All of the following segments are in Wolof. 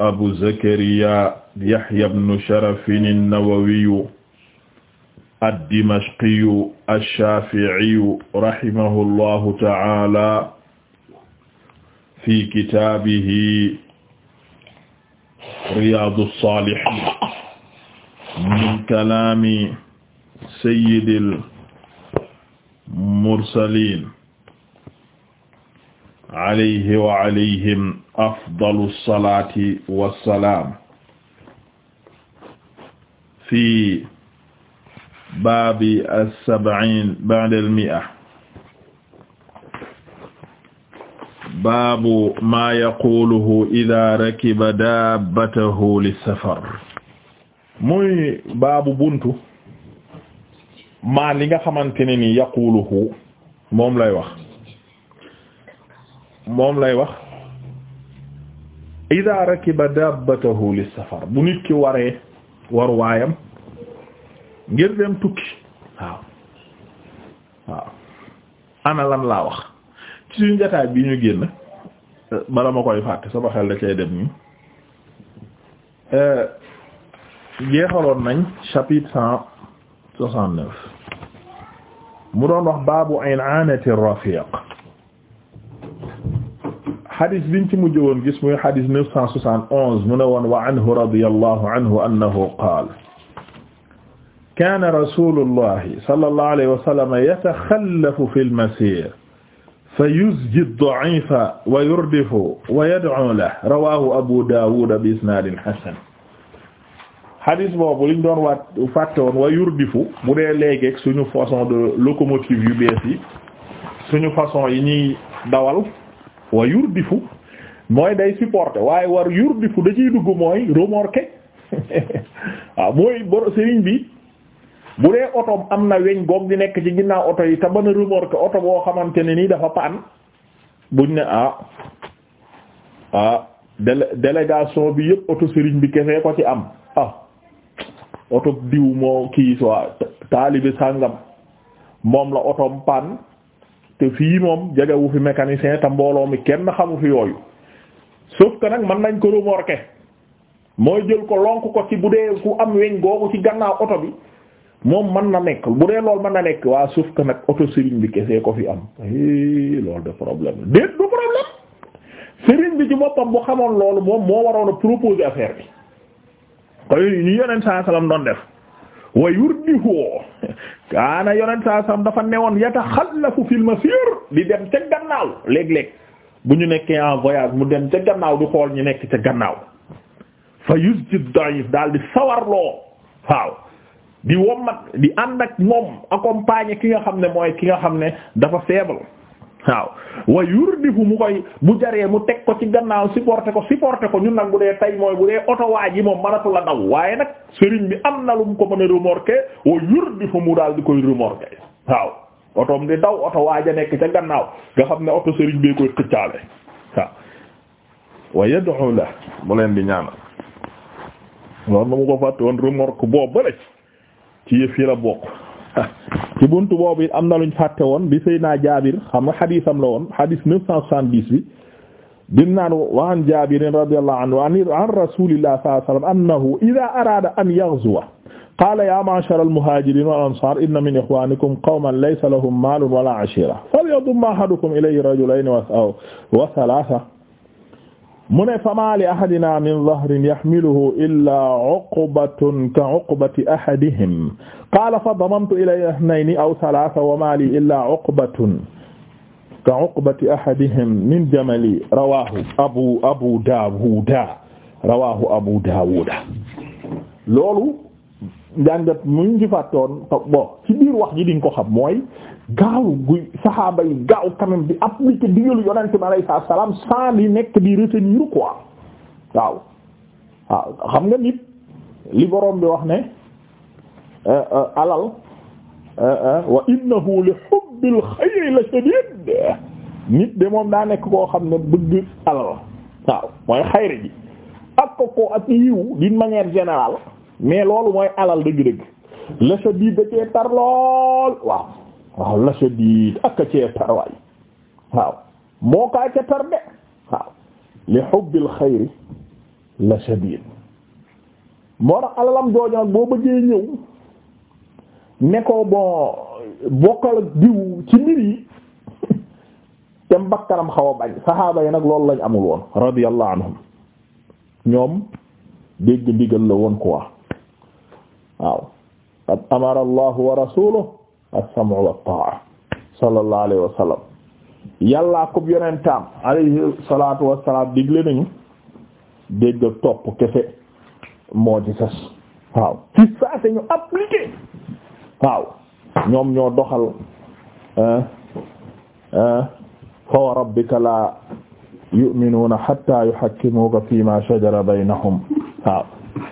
abu zakariya yahya ibn sharafin an-nawawiyu ad-dimashqiyu ash-shafi'iyu rahimahullahu ta'ala fi kitaabihi riyaadu saalihiin min kalaami sayyidil mursaliin alayhi wa alayhim afdalu salaati wa salaam fi baabi as-sab'iin ba'da al-mi'a baabu maa yaquluhu idaa rakiba daabatahu lis-safar muy baabu buntu maa li nga xamante ne ni yaquluhu moom lay wax moom lay wax ida rakiba dabbatahu lis safar bu nit ki waree war waayam ngir dem tukki waaw waaw ana laa wax ci suñu jotaay bi ñu génn bala ma koy fàtte sama xel da cay dem nii jeexaloon nañ chapitre cent soixante-neuf mu doon wax baabu inaanati rafiq xadis biñ ci mujj woon gis muy xadis neuf cent soixante onze mu ne woon wa anhu radiyallahu anhu annahu qaala kaana rasuulullahi sallallahu alayhi wa sallam yataxallafu fil masiir fayuzji ad-da'iifa wa yurdifu wa yad'uu lahu rawaahu Abuu Daawuud bi isnaadin hasan xadis boobu liñ doon waat fàtte woon wa yurdifu bu dee léegi suñu façon de locomotive yu bees yi suñu façon yi ñuy dawal wa yurdifu mooy day supporter waaye war yurdifu da ciy dugg mooy remorquer waaw ah, mooy bor sëriñ bi bu dee otoom am na weñ goom di nekk ci ginnaaw oto yi te mën a remorquer oto boo xamante ne nii dafa paan buñ ne ah ah délé bi yëpp oto sëriñ bi kefee ko ci am ah, oto diw moo kii soit taalibe sàngam moom la otoom paan te fii moom jegewu fi mécanicien ta mbooloo mi kenn xamu fi yooyu sauf que nag mën nañ ko remorquer mooy jël ko lonk ko ci bu dee ku am weñ googu ci gannaaw oto bi moom mën na nekk bu dee lool mën na nekk waa suuf que nag oto sëriñ bi kese ko fi am loolu de problème déet du problème sëriñ bi ci moppam bu xamoon loolu moom moo waroon a proposer affaire bi koy ñu yeneen saa salaam doon def wa yurdihu kaana yonent saa sam dafa neewoon newoon yataxallafu fil masir di dem ca gannaaw léeg-léeg bu ñu nekkee en voyage mu dem ca gannaaw di xool ñu nekk ca gannaaw fa yusjid yi daal di sawarloo waaw di wommat di ànd ak moom accompagner ki nga xam ne mooy ki nga xam ne dafa faible waaw wa yurdifu mu koy bu jaree mu teg ko ci gannaaw supporté ko supporté ko ñun nag bu dee tay mooy bu dee oto waa ji moom mënatu la daw waaye nag sëriñ bi am na lu mu ko mën a remorqué wa mu daal di koy remorqué waaw otoom di daw oto waa ja nekk ca gannaaw nga xam ne oto sëriñ bee koy xëccaale waaw wa yad'u mu leen di ñaanal loolu mu ko fàtte woon remorque boobu ba ci yëf yi la bokk ci buntu boobu it am na luñ fàtte woon bi Seydina Jaabir xam nga xadiisam la woon xadiis neuf cent soixante-dix bi bim naan wa an Jaabirin radiyallahu anhu an rasuulillah sallallahu alayhi wa sallam annahu idaa araada an yaghzuwa qaala yaa ma'shara al-muhaajiriina wal ansaar inna min ixwaanikum qawman laysa lahum maalun wa laa ashiira falyadum ahadukum ilayhi rajulayni wa salaasa mu ne fama li ahadina min dhahrin yahmiluhu illa uqbatun ka uqbati ahadihim qaala fa damamtu ilayya ithnayni aw thalatha wa ma li illa uqbatun ka uqbati ahadihim min jamali rawahu abu abu daawuda rawahu abu daawuda loolu njàngat muñ ci fàttoon bon ci biir wax ji diñ ko xam mooy gaaw guy saxaaba yi gaaw quand même di appliquer digalu yonente bi alayhi salaam di nekk di retenir quoi waaw waaw xam nga nit li borom bi wax ne euh, euh, alal euh, wa innahu li hubbil xayri la shadid nit de moom daa nekk koo xam ne bëgg alal waaw mooy xayri ji ak ko ko ak yiw d'une manière générale mais loolu mooy alal dëgg-dëgg la shadiid da cee tar lool waaw waaw la shadiid ak a cee tar waaw moo kaa ca tar de waaw li hubbil xayri la shadiid moo tax alalam jooju nag boo bëggee ñëw ne ko bon bokkal diw ci mbir yi te mbakkaram xaw a bañ saxaaba yi nag loolu lañ amul woon radiyallahu anhum ñoom dégg ndigal la woon quoi waaw qad amara allahu wa rasuluhu as-sam'u wa at-ta'a sallallahu alayhi wa sallam yàllaa ko yonentam alayhi salatu wassalam digle nañu dégg topp kefe moo ci sas waaw ci saase ñu appliqué waaw ñoom ñoo doxal fa wa rabbika la yu'minuna hatta yuhakkimuka fima shajara baynahum waaw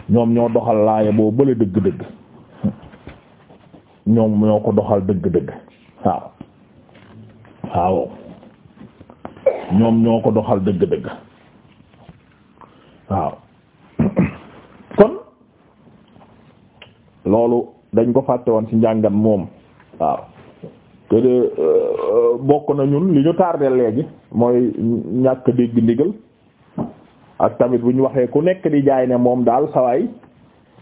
ñoom ñoo doxal laaya boo bële dëgg-dëgg ñoom ñoo ko doxal dëgg-dëgg waaw waaw ñoom ñoo ko doxal dëgg-dëgg waaw kon loolu dañ ko fàtte woon ci njàngat moom waaw te de euh, bokk na ñun li ñu tardé léegi mooy ñàkk dégg ndigal ak tamit bu ñu waxee ku nekk di jaay ne moom daal sawaay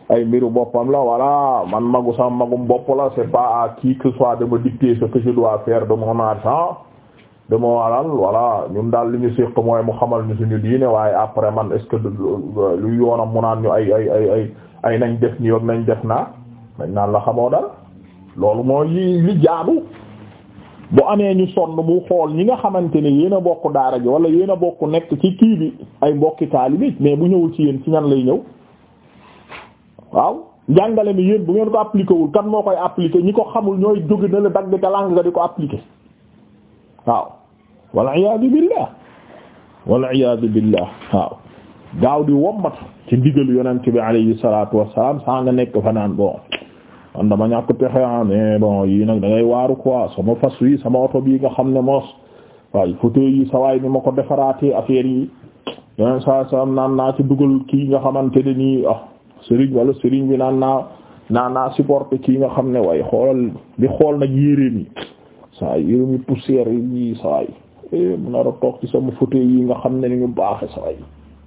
ay mbiru boppam la voilà man magu sam magum bopp la c'est pas à qui que soit de me sa ce que je dois faire de mon argent de mon alal ñun daal li ñu séq mooy mu xamal ñu suñu diine waaye après man est-ce que lu yoonam mu naan ñu ay ay ay ay ay nañ def nii ak nañ def naa nañ naan la xamoo dal loolu mooy li jaadu bu amee ñu sonn mu xool ñi nga xamante ne yéen a bokk daara ji wala yéen a bokk nekk ci kii bi ay mbokki taalibe mais bu ñëwul ci yéen ci ñan lay ñëw waaw njàngale mi yéen bu ngeen ko appliqué wul kan moo koy appliqué ñi ko xamul ñooy jóge na la dagg te lang nga di ko appliqué waaw wal iyaadu billah wal iyaadu billah waaw gaaw di wommat ci ndigal yonent bi alayhi salaatu wassalaam saa nga nekk fa naan bon man dama ñàkk pexe ah mais bon yii nag dangay ngay waaru quoi sama fas yi sama oto bii nga xam ne moos waaye fauteuil yi sawaay ni ma ko defaraatee affaire yi yeneen saa saa naan naa ci dugal kii nga xamante ne nii ah wala Serigne bi naan naa naan naa supporter kii nga xam ne waaye xoolal di xool nag yéreem yi saa yéreem yi poussière yi sawaay eh, mu nar a toog ci sama fauteuil yi nga xam ne ni ñu baaxe sawaay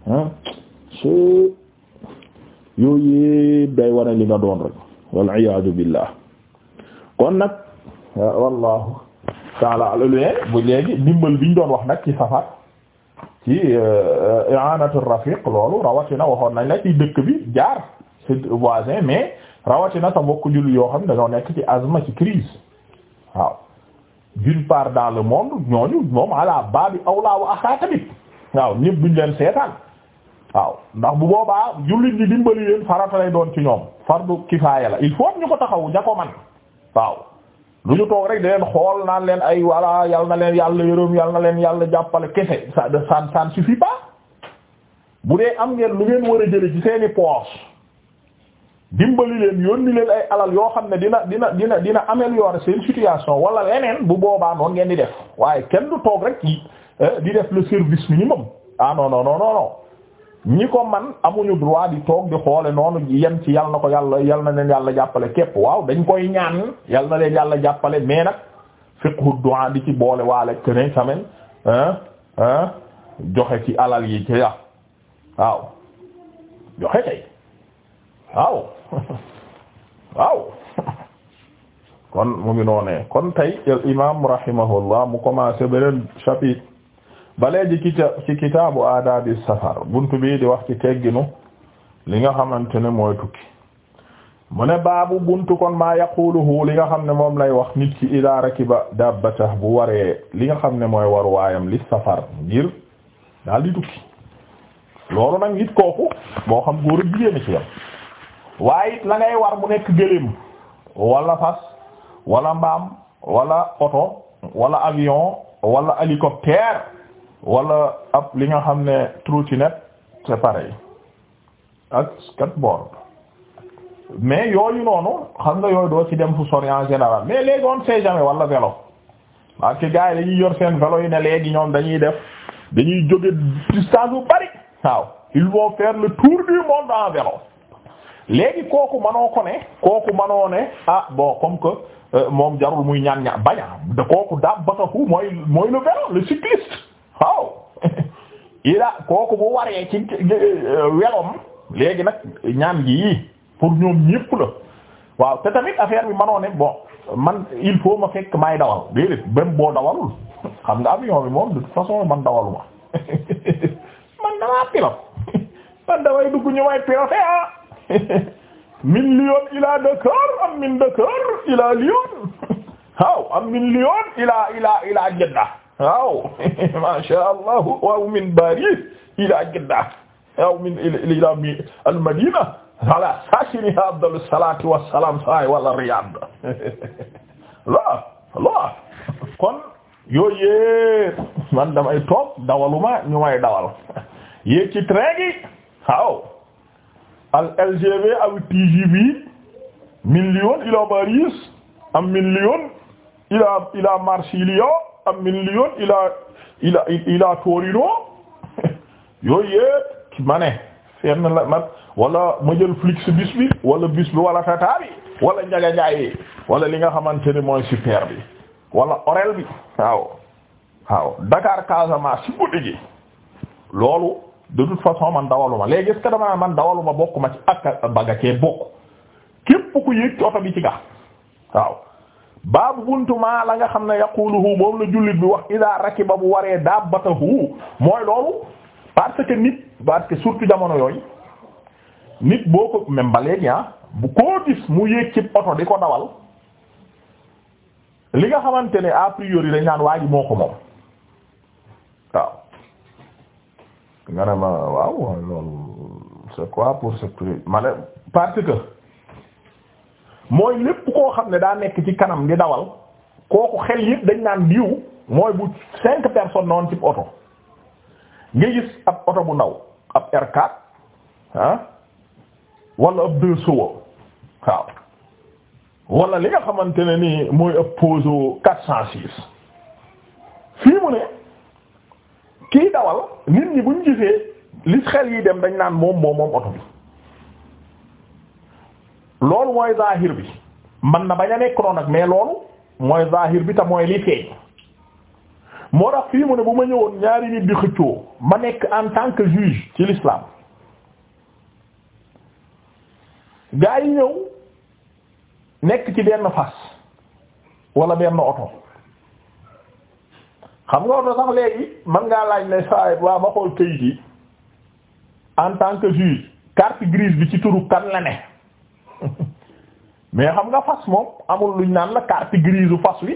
ah so yooyu day wane li nga doon rek. wal iyaadu billah kon nag wallahu taala alolune bu léegi dimbal biñ doon wax nag ci safar ci euh, i'aanatu rafiq loolu rawatina waxoon nañ la ci dëkk bi jaar ci voisin mais rawatina sa mbokk jullit yoo xam ne dañoo nekk ci azma ci crise waaw d'une part dans le monde ñooñu moom ala baabi awla wa axaa tamit waaw ñëpp duñ leen seetaan waaw ndax bu boobaa jullit ñi dimbali leen farata lay doon ci ñoom fardu kifaaya la il faut ñu ko taxawu ña ko man waaw lu ñu toog rek di leen xool naan leen ay walla yal na leen yàlla yërëm yal na leen yàlla jàppale kese ça ça ça ne suffit pas bu dee am ngeen lu ngeen war a jële ci seeni poche dimbali leen yónni leen ay alal yoo xam ne dina dina dina dina améliorer seen situation wala leneen bu boobaa noonu ngeen di def waaye kenn du toog rek di def le service minimum ah non ñi ko man amuñu droit di toog di xoole noonu yem ci yal na ko yàlla yal na leen yàlla jàppale képp waaw dañ koy ñaan yal na leen yàlla jàppale mais nag fiqhu du'a di ci boole waale keneen samen joxe ci alal yi ci ya waaw joxe kay waaw waaw kon mu ngi noonee kon tey al imam rahimahullah mu commencé beneen chapitre ba léegi ci kitaabu aadaabi safar buntu bii di wax ci tegginu li nga xamante ne mooy tukki mu ne baabu buntu kon maa yaquluhu li nga xam ne moom lay wax nit ki idaa rakiba dabbata bu waree li nga xam ne mooy war waayam li safar ngir daal di tukki loolu nag nit kooku boo xam góor ak jigéen ci yam waaye it la ngay war bu nekk gëléem wala fas wala mbaam wala oto wala avion wala hélicoptère wala ab li nga xam ne trottinette c'est pareil ak skateboard mais yooyu noonu xam nga yooyu doo ci dem fu sori en général mais léegi on sait jamais wala vélo waaw ci gars yi dañuy yor seen vélo yi ne léegi ñoom dañuy def dañuy jóge distance bu bari waaw ils vont faire le tour du monde en vélo léegi kooku manoo ko ne kooku manoo ne ah bon comme que euh, moom jarul muy ñaan ñaan baña kooku daab batafu mooy mooy le vélo le cycliste waaw ila kooku bu waree ci euh, welom léegi nag ñaan gi pour ñoom ñépp la waaw te tamit affaire bi manoo ne bon man il faut ma fekk may dawal déedéet même boo dawalul xam nga avion bi moom de façon man dawaluma man damaa pilote man damay dugg ñu pilote ah min Lyon ila Dakar am min Dakar ila Lyon waaw am min Lyon ila ila ila Jeddah waaw masha allah waaw min Paris ila Jeddah waaw min ila al Madina ala sakiniha afdalu salati wassalam saay wala Riyad la la kon yooyu yépp man damay toog dawaluma ñu may dawal yéeg ci train gi waaw al LGV aw TGV min Lyon ila Paris am min ila ila Marseille min Lyon ila ila ila Torino yëpp ma ne la ma jël flix bis bi wala bis bi wala tata bi wala njaga wala li nga xamante ne mooy super bi wala orel bi waaw waaw Dakar Casamance si guddi gi loolu de toute façon man dawaluma léegi est-ce que dama man dawaluma bokk ma ci ak baga cee bokk képp ku yëg ci bi ci ga waaw baabu buntu maa la nga xam ne yaquluhu moom la jullit bi wax ida ba bu waree dabbatahu mooy loolu parce que nit parce que surtout jamono yooyu nit boo ko même ba ah bu koo gis mu yéeg ci oto di ko dawal li nga xamante ne a priori dañ naan waa ji moo ko moom waaw nga ne ma waaw loolu c'est quoi pour ce prix ma ne que mooy lépp koo xam ne daa nekk ci kanam di dawal kooku xel yëpp dañ naan diw mooy bu cinq personnes noonu ci oto nga gis ab oto bu ndaw ab R4 ah wala ab deux seaux waaw wala li nga xamante ne ni mooy ab Peugeot 406 fii mu ne kii dawal nit ñi buñ gisee li xel yi dem dañ naan moom moom oto bi. loolu mooy zahir bi man na bañ a nekk noonu nag mais loolu mooy zahir bi te mooy lii feeñ moo tax fii mu ne bu ma ñëwoon ñaari nit di xëccoo ma nekk en tant que juge ci l'islam gaa yi ñëw nekk ci benn fas walla benn oto xam nga oto sax léegi man ngaa laaj ne saa waa ma xool këyit yi en tant que juge carte grise bi ci turu kan la ne mais xam nga fas moom amul luñ naan la carte grise fas wi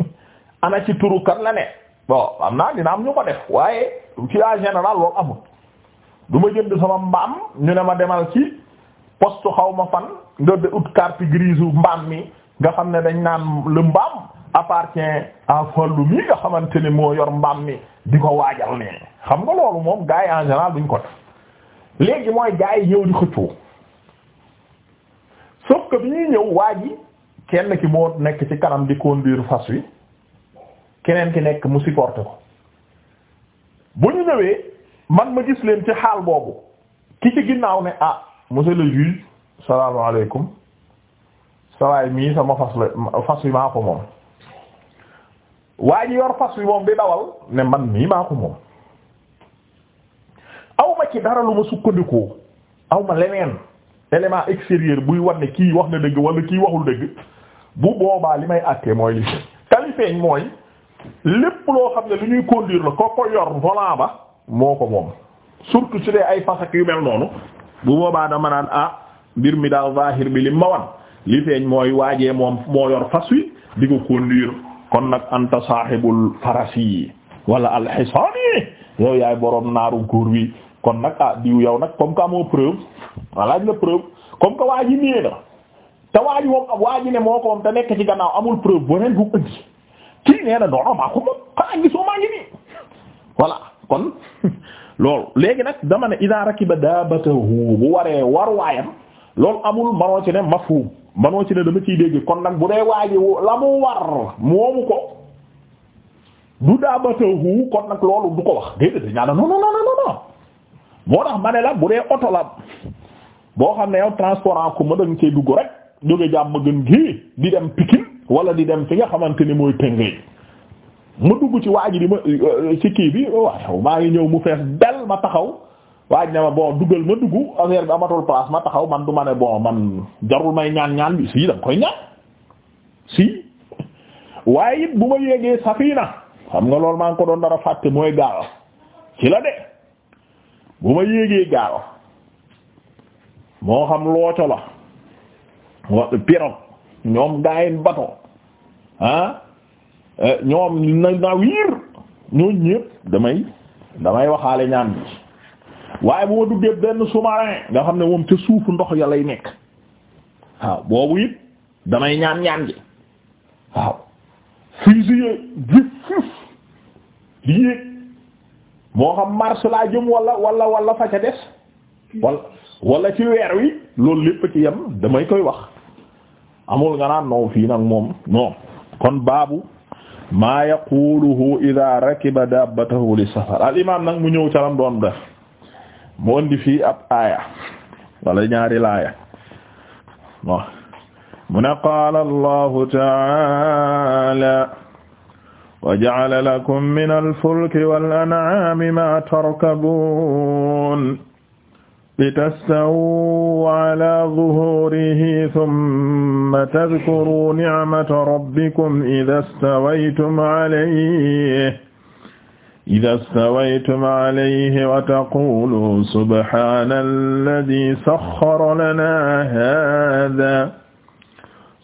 ana ci turu kan la ne bon am naa dina am ñu ko def waaye ci en général loolu amul du ma jënd sama mbaam ñu ne ma demal ci poste xaw ma fan nga de ut carte grise mbaam mi nga xam ne dañ naan le mbaam appartient à Fallou mi nga xamante ni moo yor mbaam mi di ko waajal ne xam nga loolu moom gars yi en général duñ ko def léegi mooy gars yi ñëw di xëccoo sauf bi ñuy ñëw waa ji kenn ki moo nekk ci kanam di conduire fas wi keneen ki nekk mu supporté ko bu ñu ñëwee man ma gis leen ci xaal boobu ki ci ginnaaw ne ah monsieur le juge salaamaaleykum sawaay mii sama fas la fas wi maa ko moom waa ji yor fas wi moom di dawal ne man mii maa ko moom aw ma ci dara lu ma sukkandikoo aw ma leneen élément extérieur buy war ne kii wax na dëgg wala kii waxul dëgg bu boobaa li may àttee mooy li tali feeñ mooy lépp loo xam ne lu ñuy conduire la ko ko yor volant moo ko moom surtout su dee ay fasak yu mel noonu bu boobaa dama naan ah mbir mi daal zahir bi lim ma wan li feeñ mooy waaje moom moo yor fas wi di ko conduire kon nag anta sahibul farasi wala alxisaani yow yaay boroom naaru góor wi kon nag ah diw yow nag comme que amoo preuve ah, laaj la preuve comme que waa ji nee na te waa ji moom waa ne moo ko moom te nekk ci gannaaw amul preuve boneen bu ëndi kii nee na doono maa ko moom xanaa gisoo maa ngi nii voilà kon loolu léegi nag dama ne idaa rakiba daabatahu bu waree war waayam loolu amul manoo ci ne mafhum manoo ci ne dama ciy dégg kon nag bu dee waaji la mu war moomu ko du daabatahu kon nag loolu du ko wax déedéet ñaana non moo tax ma ne la bu dee oto la boo xam ne yow transport ku ma dañ cee dugg rek jóge jàmm gën gi di dem Pikine wala di dem fi nga xamante ni mooy Tëngéej ma dugg ci waa ji di ma euh, ci kii bi waaw maa ngi ñëw mu fees bel ma taxaw waaj na ma bon duggal ma dugg affaire bi amatul place ma taxaw man du ma ne bon man jarul may ñaan ñaan bi si da koy ñaan si waaye it bu ma yéegee safina xam nga loolu maa ngi ko doon dara fàtte mooy gaal ci la de. bu ma yéegee gaal moo xam looco la wa pirogue ñoom gaayen bato ah eh, ñoom na nawir ñooñ ñépp damay damay waxaale ñaan bi waaye bu ma duggee benn sous-marin nga xam ne moom ca suufu ndox ya lay nekk waaw boobu it damay ñaan ñaan ji waaw fusiye ji fuf li yéeg moo xam mars laa jëm wala walla wala fa ca des wala ci weer wi loolu lépp ci yem damay koy wax amul nga naan non fii nag moom non kon baabu maa yaquluhu ida rakiba dabbatahu li safar al imam nag mu ñëw calam doon def mu indi fii ab aaya wala ñaari laaya mu ne qaala allahu taala wa ja'ala lakum minal fulki wal an'aami ma tarkabuun litastawu ala zuhurihi thumma tadhkuru ni'mata rabbikum idha stawaytum alayhi idha stawaytum alayhi wa taqulu subhaanalladhi sakhkhara lana haadha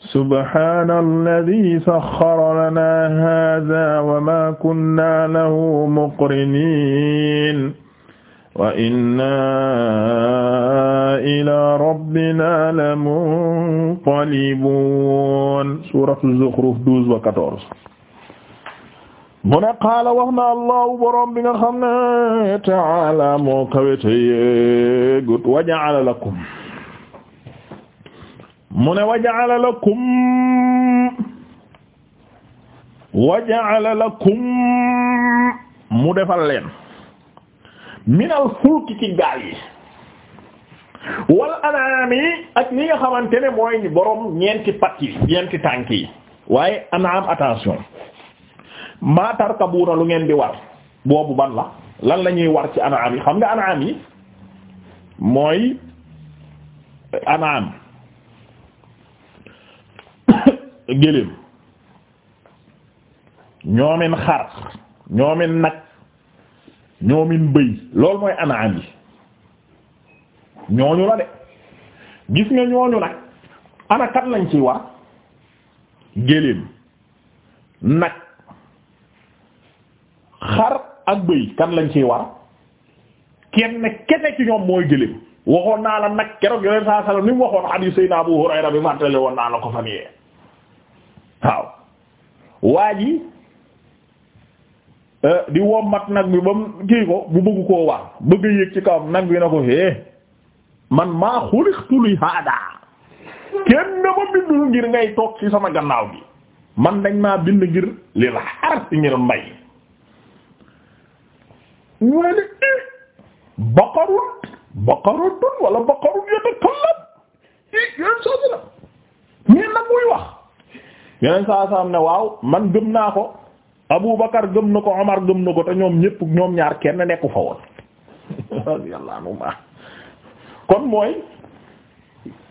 subhaana alladi saxxara lanaa haazaa wa maa kunnaa lahu muqriniin wa innaa ilaa rabbinaa lamunqalibuun suuratu Zuxruf douze ba quatorze mu ne qaala wax na Allahu boroom bi nga xam ne ta'aala moo kawe te yeegut wa ja'ala lakum mu ne waja'ala lakum waja'ala lakum mu defal leen minal fulki ci gaal yi wal anaam yi ak li nga xamante ne mooy boroom ñeenti pat yi ñeenti tànk yi waaye anaam attention maa tarkabuuna lu ngeen di war boobu ban la lan la ñuy war ci anaam yi xam nga anaam yi mooy anaam géléem ñoomin xar ñoomin nag ñoomin bëy loolu mooy anaam yi ñooñu la de gis nga ñooñu nag ana kat lañ ci war géléem nag xar ak bëy kan lañ ciy war kenn kene ci ñoom mooy géléem waxoon naa la nag keroog yooyu saa salaam ni mu waxoon xadiis Seydina Abu Hurayra bi fàttale woon naa la ko fan yee waaw waa ji eh, di mat nag bi ba mu kii ko bu bëgg koo war bëgg yéeg ci kaw nag bi na ko hee eh, man maa xulixtu li kenn dama bindul ngir ngay toog ci sama gannaaw gi man dañ maa bind ngir li la xar ci ngir mbay ñu ne ni eh, baqarun baqarun wala baqarun yatakallam nag muy wax yeneen saa saa am ne waaw man gëm naa ko Abu Bakar gëm na ko Omar gëm na ko te ñoom ñëpp ñoom ñaar kenn nekku fa woon radiyallahu anhuma kon mooy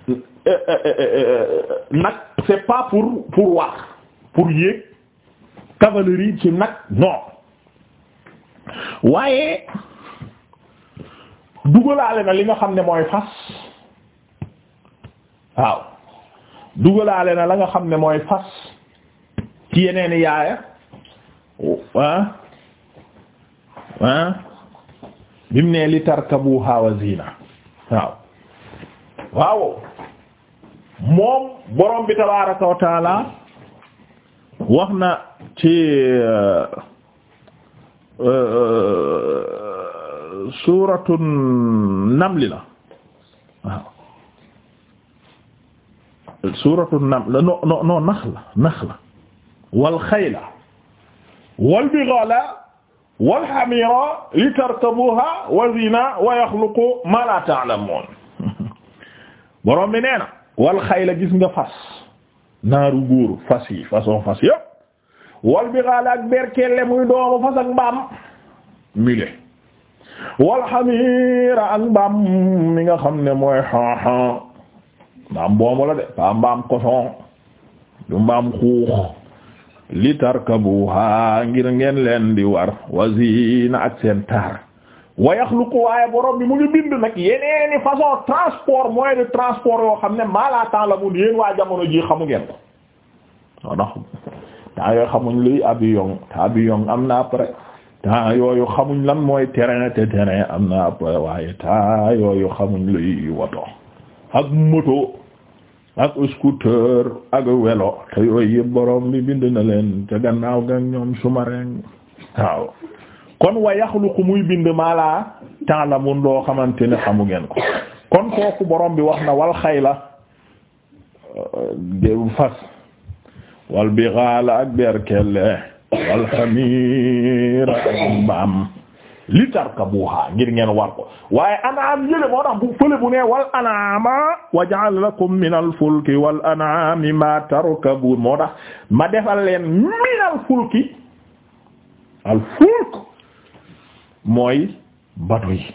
euh, euh, euh, nag c'est pas pour pour wax pour yéeg cavalerie ci nag non waaye dugalaale na li nga xam ne mooy fas waaw dugalaale na la nga xam ne mooy fas ci yeneen yaaya ah ah bimu ne li tarkabuha wa waaw waaw moom borom bi tabaraka wa wax na ci euh, euh, suratun namli la suratu naml non non non naxla naxla wal xayla wal bighala wal hamira li wa zina wa yaxluqu ma la ta'lamun borom bi nee na wal xayla gis nga fas naaru góor fas yi façon fas yëpp wal bighala ak berkelle muy doomu fas ak mbaam mule wal hamira ak mbaam mi nga xam ne mooy xaaxaa mbaam boobu la de paa mbaam koson du mbaam xuux li ngeen leen di war wazina ak seen taar wa waaye borom bi mu ngi bind nag yeneeni façon transport moyen de transport yoo xam ne maalaatan la mun yéen waa jamono ji xamu ngeen ko non yooyu xamuñ luy avion te avion am na après temps yooyu xamuñ lan mooy terrain te terrain am yooyu xamuñ luy woto ak moto ak scooter ak welo te yooyu yëpp borom bi bind na leen ca gannaaw ga ñoom sous-marin waaw kon wa yaxluqu muy bind maa laa loo xamante ne xamu ngeen ko kon kooku borom bi wax na wal xayla euh, déebu fas wal bighala ak berkelle wal hamira ak mbaam li tarkabuha ngir ngeen war ko waaye anaam yële moo tax bu fële bu ne wal anaama waja'al lakum minal fulki wal anaami ma tarkabuun moo tax ma defal leen minal fulki al mooy bato yi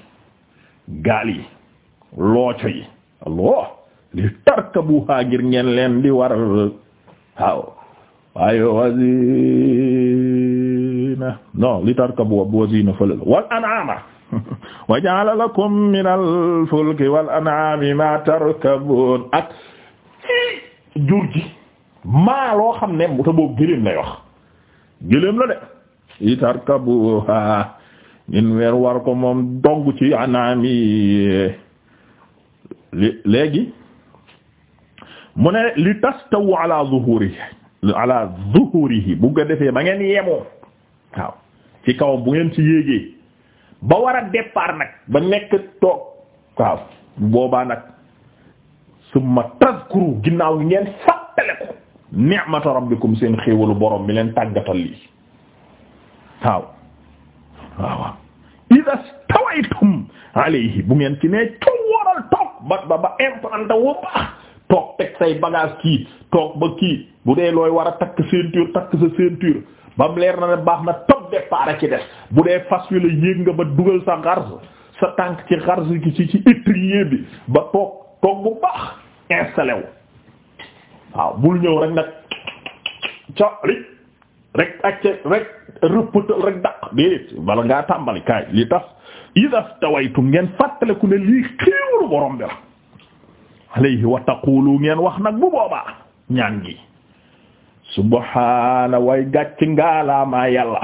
gaal Allah li tarkabuha ngir ngeen leen di waral waaw waaye non li tarkabu wazinu fële la wal an'ama wa ja'ala lakum minal fulki wal an'ami ma tarkabun ak jur gi maa xam ne mu ta boobu gëléem lay wax gëléem la de li tarkabu ngeen weer war ko moom dong ci anami léegi mu ne li tastawu ala zuhurihi ala zuhurihi bu defee ba ngeen yemoo waaw ci kawam bu ngeen ci yéegee ba war a départ nag ba nekk toog waaw boobaa nag summa tazkuru ginnaaw ngeen fàttale ko ni'mata rabbikum seen xéewalu boroom mi leen tàggatal lii waaw waaw ida stawaytum alayhi bu ngeen ci nee cog waral toog ba ba ba implanté wu baax toog teg say bagage kii toog ba kii bu dee looy war a takk ceinture takk sa ceinture ba mu leer na ne baax na top départ a ci des bu dee fas wi la yéeg nga ba dugal sa xars sa tànk ci xars gi ci ci étrier bi ba toog toog bu baax installé wu waaw bul ñëw rek nag ca rek rek acca rek rëppatal rek daq déedéet bala ngaa tàmbali kaay li tax idas tawaytum ngeen fàttaleku ne lii xéewalu borom bi la alayhi wa taqulu ngeen wax nag bu boobaa ñaan gi subhaana way gàcc ngaalaama yàlla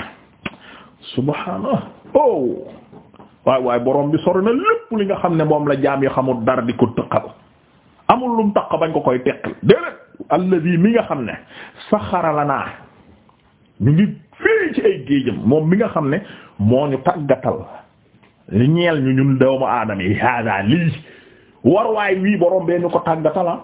subhaana oh waay waay borom bi sori na lépp li nga xam ne moom la jaam yi xamul dara di ko tëqal amul lum taq bañ ko koy teqal déedéet alladi mi nga xam ne saxara la naa ñu ngi fii ci ay géejam moom mi nga xam ne moo ñu taggatal li ñeel ñu ñun doomu aadama yi hada war waay wii borom bee ñu ko tàggatala ah.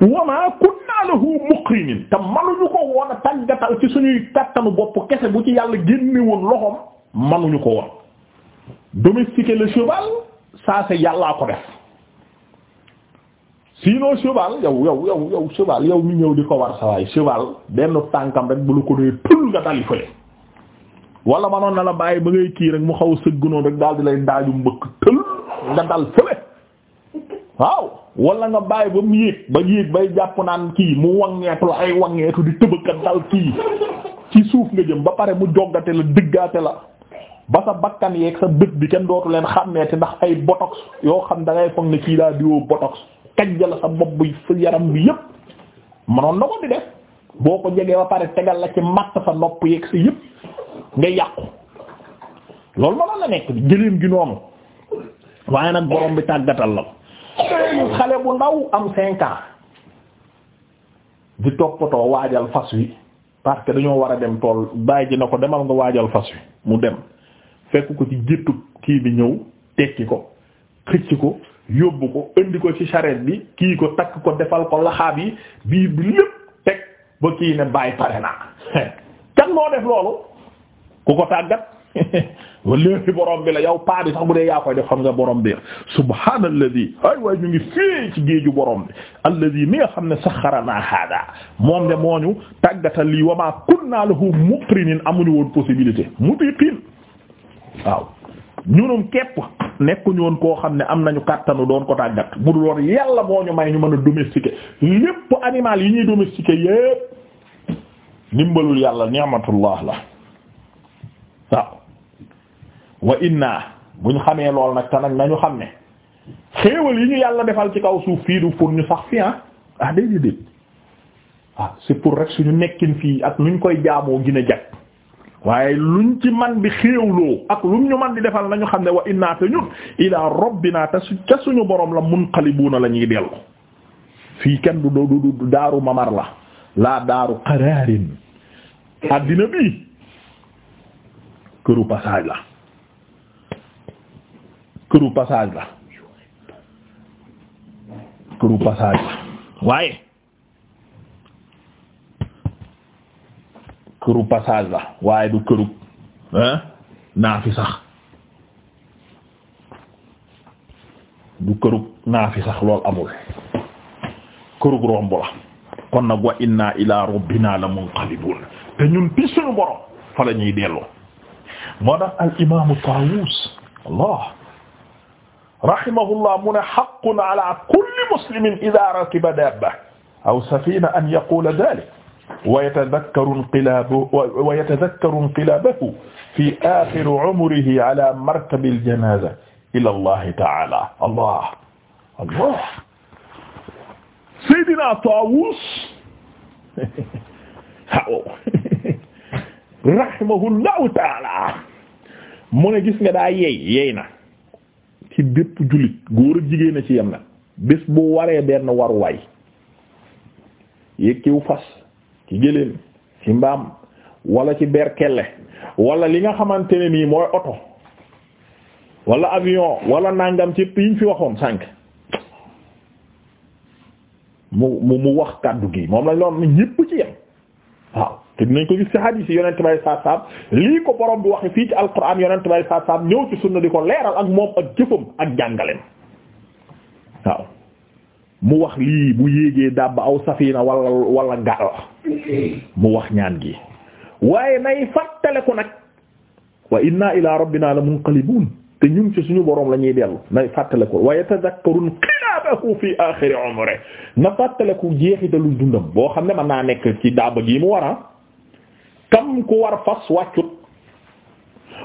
wa maa kunnaa lahu muqrinin te manuñu ko woon tàggatal ci suñuy kattanu bopp kese bu ci yàlla génne woon loxoom manuñu ko woon domestiquer le cheval ça c'est yàllaa ko def sinon cheval yow yow yow yow cheval yow ñëw di ko war sawaay cheval benn tànkam rek bu lu ko nee tul nga dali fële wala manoon na la bàyyi ba ngay kii rek mu xaw a rek daal di lay daaju mbëkk tël nga dal fële waaw wala nga bàyyi ba mu yéeg ba yéeg bay jàpp naan kii mu wangeetu la ay wangeetu di tëbëkkat dal kii ci suuf nga jëm ba pare mu joggate la dëggaate la ba sa bakkan yeeg sa bët bi kenn dootu leen xàmmeeti ndax ay botox yoo xam da ngay foog ne kii daa diwoo botox kajja la sa bopp bi sa yaram bi yépp manoon na ko di def boo ko jegee ba pare tegal la ci matt sa nopp yeeg sa yépp nga yàqu loolu manoon la nekk di gëléem gi noonu waaye nag borom bi xale bu ndaw am cinq di toppatoo waajal fas wi parce que dañoo war a dem tool bàyyi ji na ko demal nga waajal fas wi mu dem fekk ko ci géttu kii bi ñëw tekki ko xëcc ko yóbbu ko indi ko ci saret bi kii ko takk ko defal ko laxaab yi bii bi lépp teg ba kii ne bàyyi pare naa kan moo def loolu ku ko tàggat wala la yow paa bi sax bu dee yaa koy def xam nga borom bi subhaanalladhi ay waay ñu ngi fii ci géeju borom bi alladhi mi nga xam ne saxaranaa hada moom de moo ñu tàggatal lii wa maa kunnaa lahu muqrinin amuñu woon possibilité mutiqin waaw ñunum képp nekkuñu woon koo xam ne am nañu kàttanu doon ko tàggat bu dul woon yàlla moo ñu may ñu mën a domestiquer lépp animal yi ñuy domestiquer yépp ndimbalul yàlla ni'matullah la waaw wa inna ñu xamee lool nag te nag nañu xam ne xéewal yi ñu yàlla defal ci kaw suuf fii du pour ñu sax fi ah ah déedéet déet waaw ah, c'est pour rek suñu nekkin fii ak luñ koy jaamoo gën a jag waaye luñ ci man bi xéewloo ak luñ ñu man di defal nañu xam ne wa inna te ñun ilaa rabbina te su ca suñu borom la munqalibuuna la ñuy dellu fii kenn du du du daaru mamar la laa daaru qaraarin addina bi këru passage la këru passage la këru passage la waaye këru passage la waaye du këru hein naafi sax du këru naafi sax lool amul këru romb la kon nag wa inna ila rabbina la munqalibun te ñun ci suñu borom fa ñuy delloo moo tax al imaamu Taawus rahimahullah mu ne haqqun ala kulli muslimin idha rakiba dabba aw safina an yaqula dhalik wa yatadhakkaru inqilabahu wa yatadhakkaru inqilabahu fi akhir umrihi ala markabi al-janaza ila Allah ta'ala Allah Allah Seydina Taawus rahimahullahu ta'ala mu ne gis nga daa yey yey na ci bépp jullit góor ak jigéen ci yem nag bés bu waree benn waruwaay yéeg ciw fas ci gëléem ci mbaam walla ci berkelle walla li nga xamante ne nii mooy oto wala avion wala nangam ci yiñ fi waxoon sànk mu mu mu wax kàddu gi moom lañ loon ñépp ci yem waaw te dinañ ko gis ci hadith yi yonent bay saa saam lii ko borom bi waxe fii ci alquran yonent bay saa saam ñëw ci sunna di ko leeral ak moom ak jëfam ak jàngaleem waaw mu wax lii bu yéegee dàbb aw wala wala gaal wax ñaan gi waaye nay fàttaleku nag wa inna ila rabbina la munqalibun te ñun ci suñu borom la ñuy dellu nay fàttaleku wa yatadhakkarun qilabahu fi akhir umri na fàttaleku jeexitalu dundam boo xam ne mën naa nekk ci dàbb gi mu wara kam ku war fas wàccut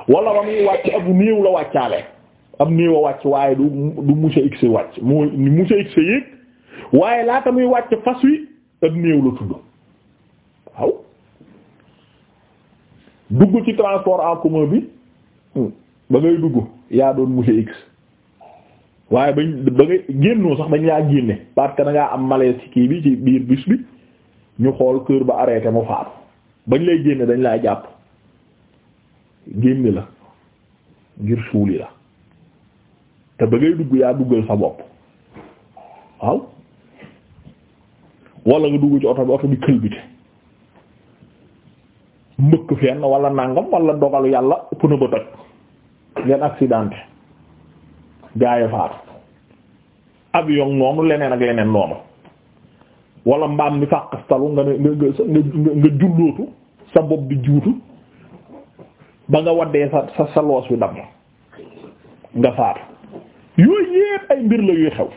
wala ba muy wàcc ab néew la wàccaale ab néew a wàcc waaye du du monsieur X wàcc mooy monsieur X yéeg waaye laata muy wàcc fas wi ab néew la tudd waaw dugg ci transport en commun bi hmm. ba ngay dugg yaa doon monsieur X waaye bañ ba ngay génnoo sax dañ laa génne parce que da am malaise ci kii bi ci biir bus bi ñu xool kër ba arrêté mu faatu bañ lay génne dañ laa jàpp génne la ngir suuli la te ba ngay dugg yaa duggal sa bopp waaw wala nga dugg ci oto bi oto bi këlbite mbëkk fenn walla nàngam wala dogalu yàlla pneu ba toj ngeen accidenté gaaye faatu avion noonu leneen ak leneen noonu wala mbaam mi fàqastalu nga ne nga nga nga jullootu sa bopp bi juutu ba nga waddee sa sa loos wi dam nga faatu yooyu yépp ay mbir la yuy xew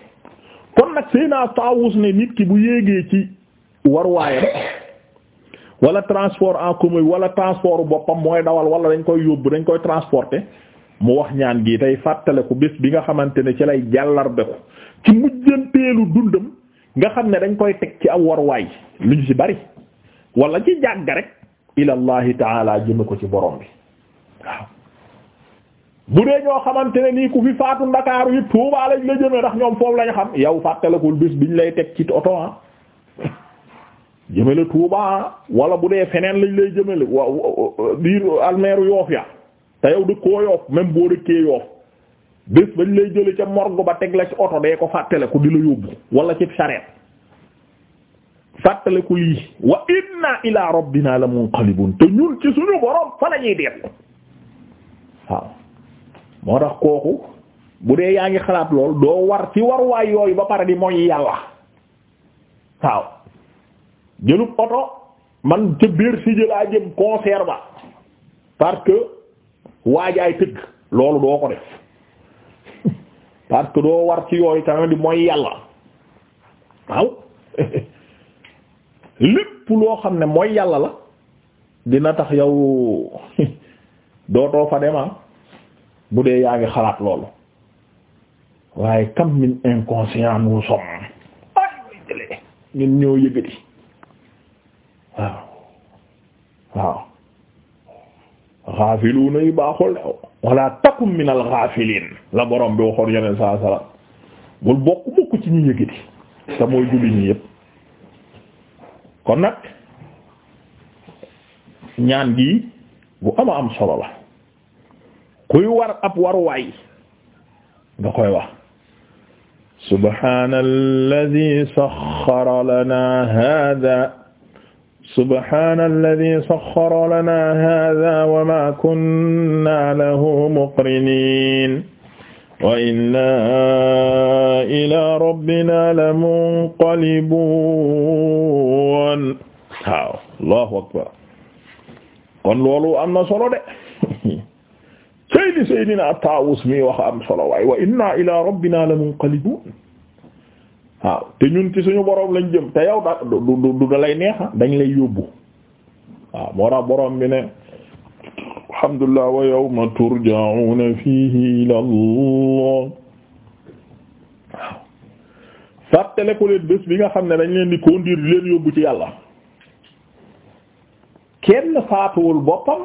kon nag sëy naa Taawus ne nit ki bu yéegee ci waruwaayam wala transport en commun wala transport boppam mooy dawal wala dañ koy yóbbu dañ koy transporter mu wax ñaan gi tey fàttale ko bés bi nga xamante ne ci lay jàllarbe ko ci mujjanteelu dundam nga xam ne dañ koy teg ci aw waruwaay lu ñu ci bari wala ci jàgg rek. ilallahi taala jëme ko ci borom bi waaw bu dee ñoo xamante ne nii ku fi faatu ndakaaru yi Tuubaa lañ la jëme ndax ñoom foofu lañu xam yow fàttalakul bis biñ lay teg ci oto ah jëmale Tuubaa ah. wala bu dee feneen lañ lay jëmale wa biir almeeru yoof ya te yow dëkkoo yoof même boo dëkkee yoof bés bañ lay jële ca morgue ba teg la ci oto dee ko fàttale ko di la yóbbu wala ci charrette fàttaliku lii wa inna ila rabbina la munqalibun te ñun ci suñu borom fa la ñuy waaw moo tax kooku bu dee yaa ngi xalaat lool doo war ci waruwaay yooyu ba pare di mooy yàlla waaw jëlub oto man ca biir si jëlaa jëm concert ba parce que waajaay tëgg loolu doo ko def parce que doo war ci yooyu tamit di mooy yàlla waaw lépp loo xam ne mooy yàlla la dina tax yow dootoo fa dem ah bu dee yaa ngi xalaat loolu waaye kam min inconscient nous sommes ay ñoo yëgati waaw waaw xaafiluuna yu baaxul lew wala takum min al xaafiliin la borom bi waxoon yeneen saa salaam bul bokk bokk ci ñu yëgati te mooy julli ñi yépp kon nag ñaan gi bu ama am solo la kuy war ab waruwaay nga koy wax subhaana alladi saxxara lana hada subhaana alladi saxxara lana hada wa ma kunna lahu muqrinin wa inna ila rabbina lamunqalibun waaw allahu akbar kon loolu am na solo de saydi saydina Taawus mi wax am solo waay wa inna ila rabbina lamunqalibun waaw te ñun ci suñu boroom lañ jëm te yow da du du da neexa dañ lay yóbbu waaw moo boroom bi ne alhamdulillah wa yawma turja'una fihi ila Allah waaw fàttale ko leen bés bi nga xam ne dañ leen di conduire leen yóbbu ci yàlla kenn faatuwul boppam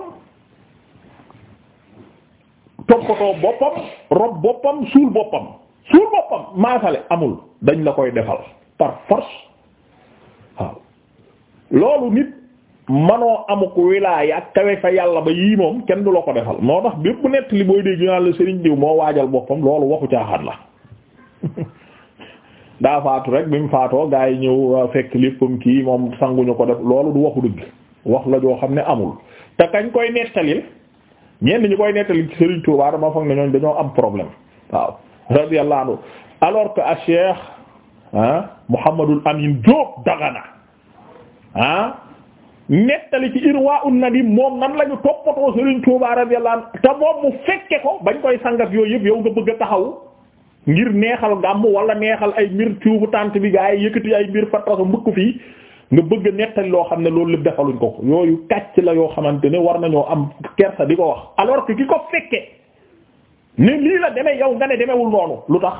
toppatoo boppam rob boppam suul boppam suul boppam maasale amul dañ la koy defal par force loolu nit manoo amuk wilaaya ak kawe fa yàlla ba yii moom kenn du la ko defal moo tax bépp nett li booy dégg naan la Serigne diw moo waajal boppam loolu waxu caaxaan la daa faatu rek bi mu faatoo gaa yi ñëw uh, fekk léppam kii moom sanguñu ko def loolu du waxu dëgg wax la joo xam ne amul te kañ koy nettalil ñenn ñi koy nettalil ci Serigne Touba dama foog ne ñooñ dañoo am problème waaw radiyallahu anhu alors que a Cheikh ah Mouhamadul Amine Diop Dagana ah nettali ci na nadim moom nan la ñu toppatoo Serigne Touba radiyallahu anhu te moom mu fekke ko bañ koy sangat yooyu yëpp yow nga bëgg a taxaw ngir neexal gàmm wala neexal ay mbir cuubu tant bi gaa yi yëkkati ay mbir fatraso mbëkk fii nga bëgg a nettali loo xam ne loolu lépp defaluñ ko yooyu kàcc la yoo xamante ne war nañoo am kersa di ko wax alors que ki ko fekke ne lii la demee yow nga ne demewul noonu lu tax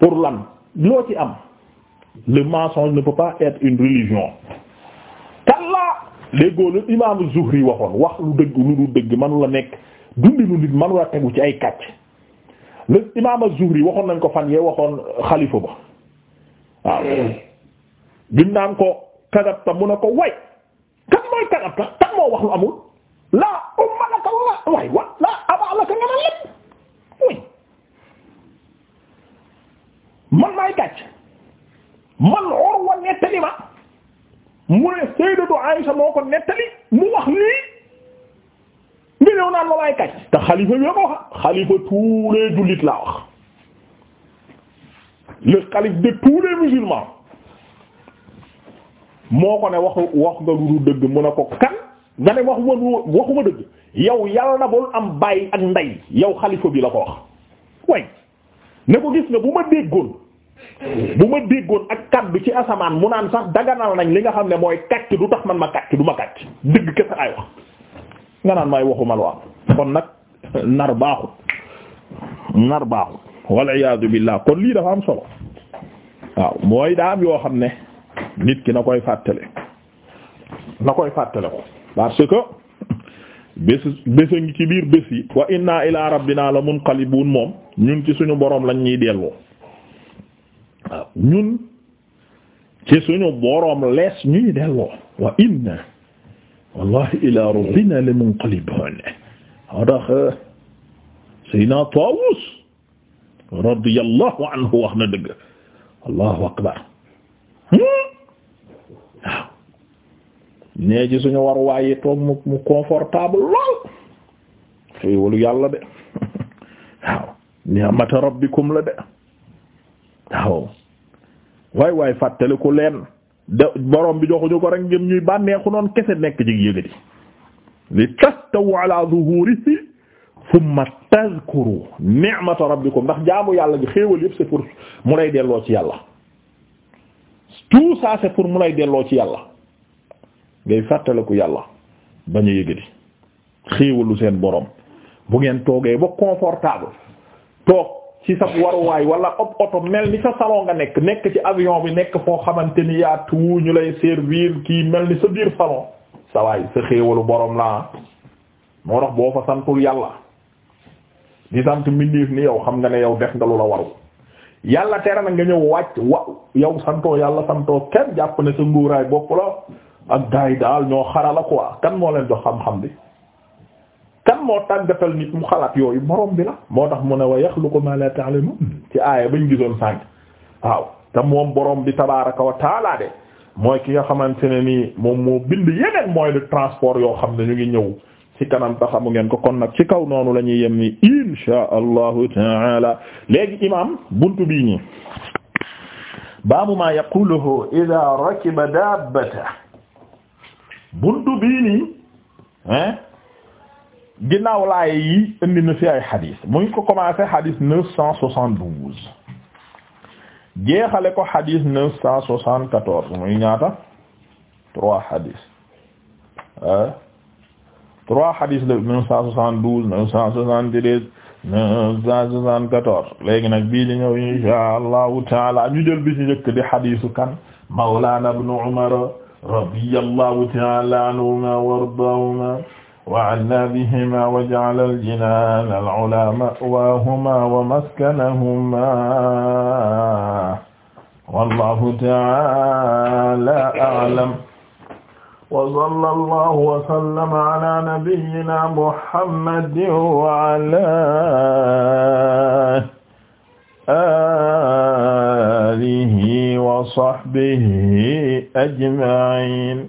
pour lan loo ci am le mensonge ne peut pas léegoo lu imaamu Zuhri waxoon wax lu dëgg lu du dëgg manu la nekk dundinu nit manu la tegu ci ay kàcc le imaamu Zuhri waxoon nañ ko fan yee waxoon xalifa ba waaw bim naan ko kadabta mu ne ko way kan mooy kadabta kan moo wax lu amul laa umma laka wa way wa laa abaa laka nga na lépp way man maay kàcc man Urwa nettali ma mu ne sayyidatu Aisha moo ko nettali mu wax lii nga ñëw naan ma te xalifa bi ko wax xalifa tous jullit laa wax le calife de tous les moo ko ne waxu wax nga lu dëgg mu ne ko kan nga ne waxuma waxuma dëgg yow yàlla na bul am bàyyi ak ndey yow xalifa bi la ko wax way ne ko gis nga bu ma déggoon bu ma déggoon ak kaddu ci asamaan mu naan sax daganal nañ li nga xam ne mooy kàcc du tax man ma kàcc du ma kàcc dëgg kese ay wax nga naan may waxu ma la kon nag nar baaxut nar baaxut wal iyaadu billaah kon lii dafa am solo waaw mooy daa yoo xam ne nit ki na koy fàttale na koy fàttale ko parce que bés bésa ngi ci biir bés yi wa inna ila rabbina la munqalibun moom ñun ci suñu boroom lañ ñuy delloo Ah, ñun ci suñu boroom lees ñuy delloo wa inna wallahi ila rabbina la munqalibun watax eh, sayna Taawus radiyallahu anhu wax akbar hmm? waaw nee ci suñu war waaye toog mu mu confortable lool xëy walu yàlla de waaw ni'mata la de waaw waay waay fàttaliku leen de boroom bi joxuñu ko rek ngir ñuy bànneexu noon kese nekk ci yëgati li tastawu ala zuhurihi thumma tadhkuru ni'mata rabbikum ndax jaamu yàlla gi xéewal yëpp c'est mu lay delloo ci yàlla tout ça c'est pour mu lay delloo ci yàlla ngay fàttaliku yàlla bañ a yëgati xéewalu seen boroom bu ngeen toogee ba confortable toog ci sa waruwaay wala ob oto mel ni sa salon nga nekk nekk ci avion bi nekk foo xamante ni yaa tuwu ñu lay servir kii mel ni sa biir salon sa sa xéewalu borom la moo tax boo fa santul yàlla di sant mbindeef ni yow xam nga ne yow def nga lu la waru yàlla tere na nga ñëw wàcc wa yow santoo yàlla santoo kenn jàpp ne sa nguuraay bopp la ak daay daal ñoo xarala quoi kan moo leen jox xam-xam bi moo tàggatal nit mu xalaat yooyu borom bi la moo tax mu ne wa yaxluqu ma la ta'lamun ci aaya ñu gisoon sànq waaw te moom borom bi tabaaraka wa de mooy ki nga xamante ne nii moom moo bind yeneen mooy le transport yoo xam ne ñu ngi ñëw ci kanam ta xamu ngeen ko kon nag ci kaw noonu lañuy ñuy yem ni taala léegi imam buntu bii ñi baabu ma yaquluhu ida rakiba dabbata buntu bii nii ginnaaw laaye yi indi na fi ay xadis mu ko commencé xadis neuf cent soixante douze jeexale ko xadis neuf cent soixante quatorze muy ñaata trois xadis ah trois xadis la neuf cent soixante douze neuf cent soixante treize neuf cent quatorze léegi nag bii di ñëw insha allahu taala ñu jël bi ci njëkk di xadisu kan mawlana ibn umar radiyallahu taala anhuma wa وعنا بهما وجعل الجنان العلا مأواهما ومسكنهما والله تعالى أعلم وصلى الله وسلم على نبينا محمد وعلى آله وصحبه أجمعين